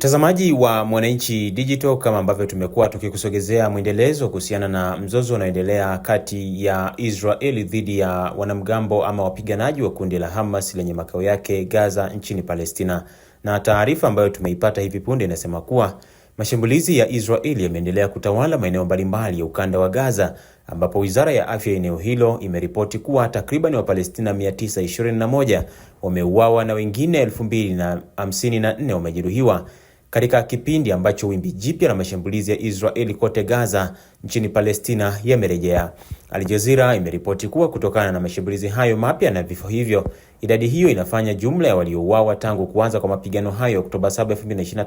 Mtazamaji wa Mwananchi Digital, kama ambavyo tumekuwa tukikusogezea mwendelezo kuhusiana na mzozo unaoendelea kati ya Israeli dhidi ya wanamgambo ama wapiganaji wa kundi la Hamas lenye makao yake Gaza nchini Palestina, na taarifa ambayo tumeipata hivi punde inasema kuwa mashambulizi ya Israeli yameendelea kutawala maeneo mbalimbali ya ukanda wa Gaza, ambapo wizara ya afya eneo hilo imeripoti kuwa takriban Wapalestina 921 wameuawa na wengine 2054 wamejeruhiwa katika kipindi ambacho wimbi jipya la mashambulizi ya Israeli kote Gaza nchini Palestina yamerejea. Al Jazeera imeripoti kuwa kutokana na mashambulizi hayo mapya na vifo hivyo, idadi hiyo inafanya jumla ya waliouawa tangu kuanza kwa mapigano hayo Oktoba 7,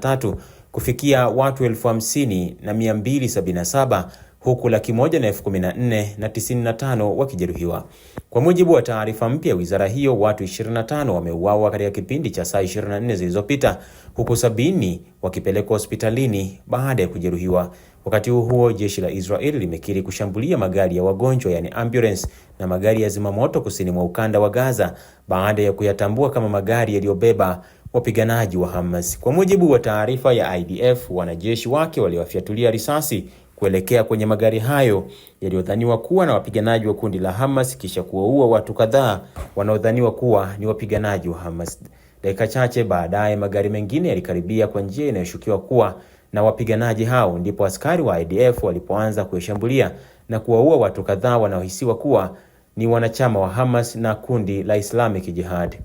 2023 kufikia watu 50,277 huku laki moja na elfu kumi na nne na tisini na tano wakijeruhiwa. Kwa mujibu wa taarifa mpya wizara hiyo, watu 25 wameuawa katika kipindi cha saa 24 zilizopita, huku sabini wakipelekwa hospitalini baada ya kujeruhiwa. Wakati huo huo, jeshi la Israel limekiri kushambulia magari ya wagonjwa yani ambulance na magari ya zimamoto kusini mwa ukanda wa Gaza baada ya kuyatambua kama magari yaliyobeba wapiganaji wa Hamas. Kwa mujibu wa taarifa ya IDF, wanajeshi wake waliwafyatulia risasi kuelekea kwenye magari hayo yaliyodhaniwa kuwa na wapiganaji wa kundi la Hamas kisha kuwaua watu kadhaa wanaodhaniwa kuwa ni wapiganaji wa Hamas. Dakika chache baadaye, magari mengine yalikaribia kwa njia inayoshukiwa kuwa na wapiganaji hao, ndipo askari wa IDF walipoanza kuishambulia na kuwaua watu kadhaa wanaohisiwa kuwa ni wanachama wa Hamas na kundi la Islamic Jihad.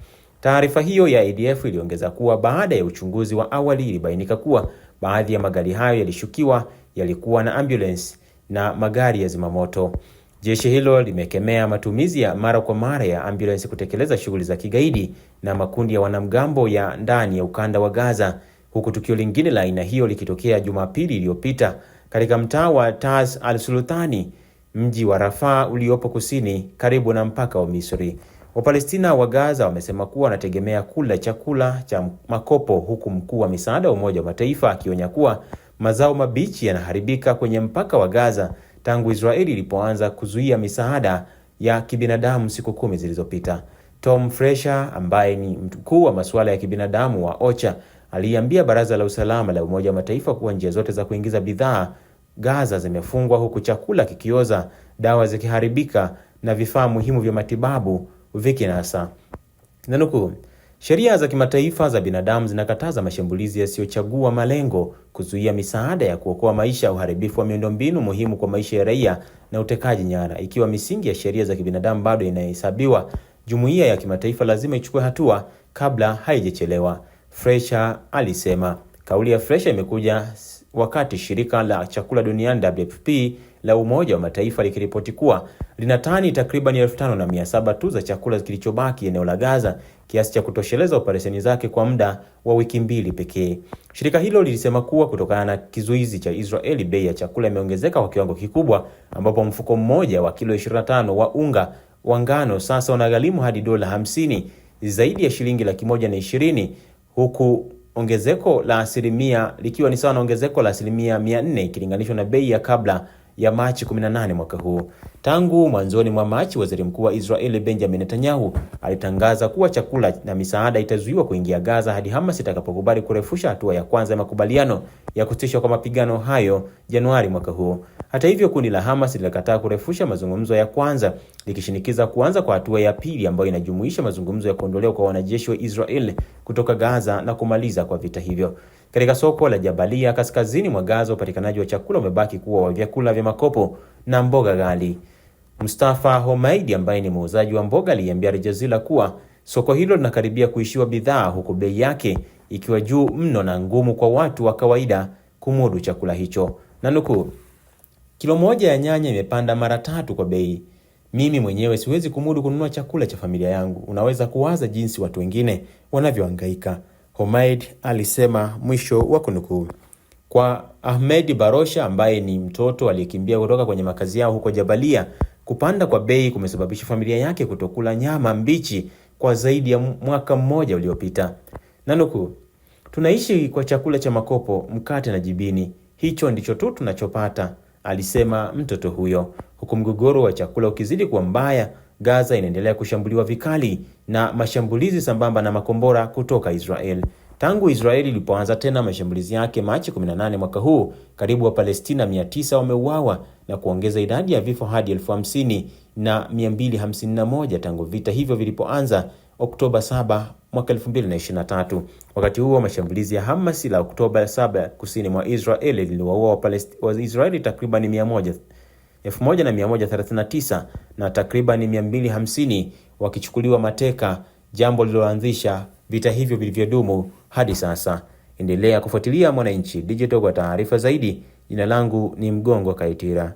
Taarifa hiyo ya IDF iliongeza kuwa baada ya uchunguzi wa awali ilibainika kuwa Baadhi ya magari hayo yalishukiwa yalikuwa na ambulance na magari ya zimamoto. Jeshi hilo limekemea matumizi ya mara kwa mara ya ambulance kutekeleza shughuli za kigaidi na makundi ya wanamgambo ya ndani ya ukanda wa Gaza, huku tukio lingine la aina hiyo likitokea Jumapili iliyopita katika mtaa wa Taz al-Sultani, mji wa Rafah uliopo kusini karibu na mpaka wa Misri. Wapalestina wa Gaza wamesema kuwa wanategemea kula chakula cha makopo huku mkuu wa misaada wa Umoja wa Mataifa akionya kuwa mazao mabichi yanaharibika kwenye mpaka wa Gaza tangu Israeli ilipoanza kuzuia misaada ya kibinadamu siku kumi zilizopita. Tom Fresher ambaye ni mkuu wa masuala ya kibinadamu wa OCHA aliambia Baraza la Usalama la Umoja wa Mataifa kuwa njia zote za kuingiza bidhaa Gaza zimefungwa huku chakula kikioza, dawa zikiharibika na vifaa muhimu vya matibabu Vikinasa. Nanuku, sheria za kimataifa za binadamu zinakataza mashambulizi yasiyochagua malengo, kuzuia misaada ya kuokoa maisha, uharibifu wa miundombinu muhimu kwa maisha ya raia na utekaji nyara. Ikiwa misingi ya sheria za kibinadamu bado inahesabiwa, jumuiya ya kimataifa lazima ichukue hatua kabla haijachelewa, Fresha alisema. Kauli ya Fresha imekuja wakati shirika la chakula duniani WFP la Umoja wa Mataifa likiripoti kuwa lina tani takriban 5700 tu za chakula kilichobaki eneo la Gaza, kiasi cha kutosheleza operesheni zake kwa muda wa wiki mbili pekee. Shirika hilo lilisema kuwa kutokana na kizuizi cha Israeli, bei ya chakula imeongezeka kwa kiwango kikubwa, ambapo mfuko mmoja wa kilo 25 wa unga wa ngano sasa unagharimu hadi dola 50, zaidi ya shilingi laki moja na ishirini, huku ongezeko la asilimia likiwa ni sawa na ongezeko la asilimia 400 ikilinganishwa na bei ya kabla ya Machi 18 mwaka huu. Tangu mwanzoni mwa Machi, waziri mkuu wa Israeli Benjamin Netanyahu alitangaza kuwa chakula na misaada itazuiwa kuingia Gaza hadi Hamas itakapokubali kurefusha hatua ya kwanza ya makubaliano ya kusitishwa kwa mapigano hayo Januari mwaka huu. Hata hivyo, kundi la Hamas lilikataa kurefusha mazungumzo ya kwanza, likishinikiza kuanza kwa hatua ya pili ambayo inajumuisha mazungumzo ya kuondolewa kwa wanajeshi wa Israeli kutoka Gaza na kumaliza kwa vita hivyo. Katika soko la Jabalia kaskazini mwa Gaza, upatikanaji wa chakula umebaki kuwa wa vyakula vya makopo na mboga ghali. Mustafa Homaidi ambaye ni muuzaji wa mboga aliambia Al kuwa soko hilo linakaribia kuishiwa bidhaa, huku bei yake ikiwa juu mno na ngumu kwa watu wa kawaida kumudu chakula hicho, na nukuu, kilo moja ya nyanya imepanda mara tatu kwa bei. Mimi mwenyewe siwezi kumudu kununua chakula cha familia yangu. Unaweza kuwaza jinsi watu wengine wanavyohangaika. Homaid alisema, mwisho wa kunukuu. Kwa Ahmed Barosha ambaye ni mtoto aliyekimbia kutoka kwenye makazi yao huko Jabalia, kupanda kwa bei kumesababisha familia yake kutokula nyama mbichi kwa zaidi ya mwaka mmoja uliopita. nanuku tunaishi kwa chakula cha makopo, mkate na jibini, hicho ndicho tu tunachopata, alisema mtoto huyo, huku mgogoro wa chakula ukizidi kuwa mbaya Gaza inaendelea kushambuliwa vikali na mashambulizi sambamba na makombora kutoka Israel. Tangu Israeli ilipoanza tena mashambulizi yake Machi 18 mwaka huu, karibu Wapalestina 900 wameuawa na kuongeza idadi ya vifo hadi 50 na 251 tangu vita hivyo vilipoanza Oktoba 7 mwaka 2023. Wakati huo mashambulizi ya Hamas la Oktoba 7 kusini mwa Israeli liliwaua Waisraeli takriban 100 1139 na takribani 250 wakichukuliwa mateka, jambo lililoanzisha vita hivyo vilivyodumu hadi sasa. Endelea kufuatilia Mwananchi Digital kwa taarifa zaidi. Jina langu ni Mgongo Kaitira.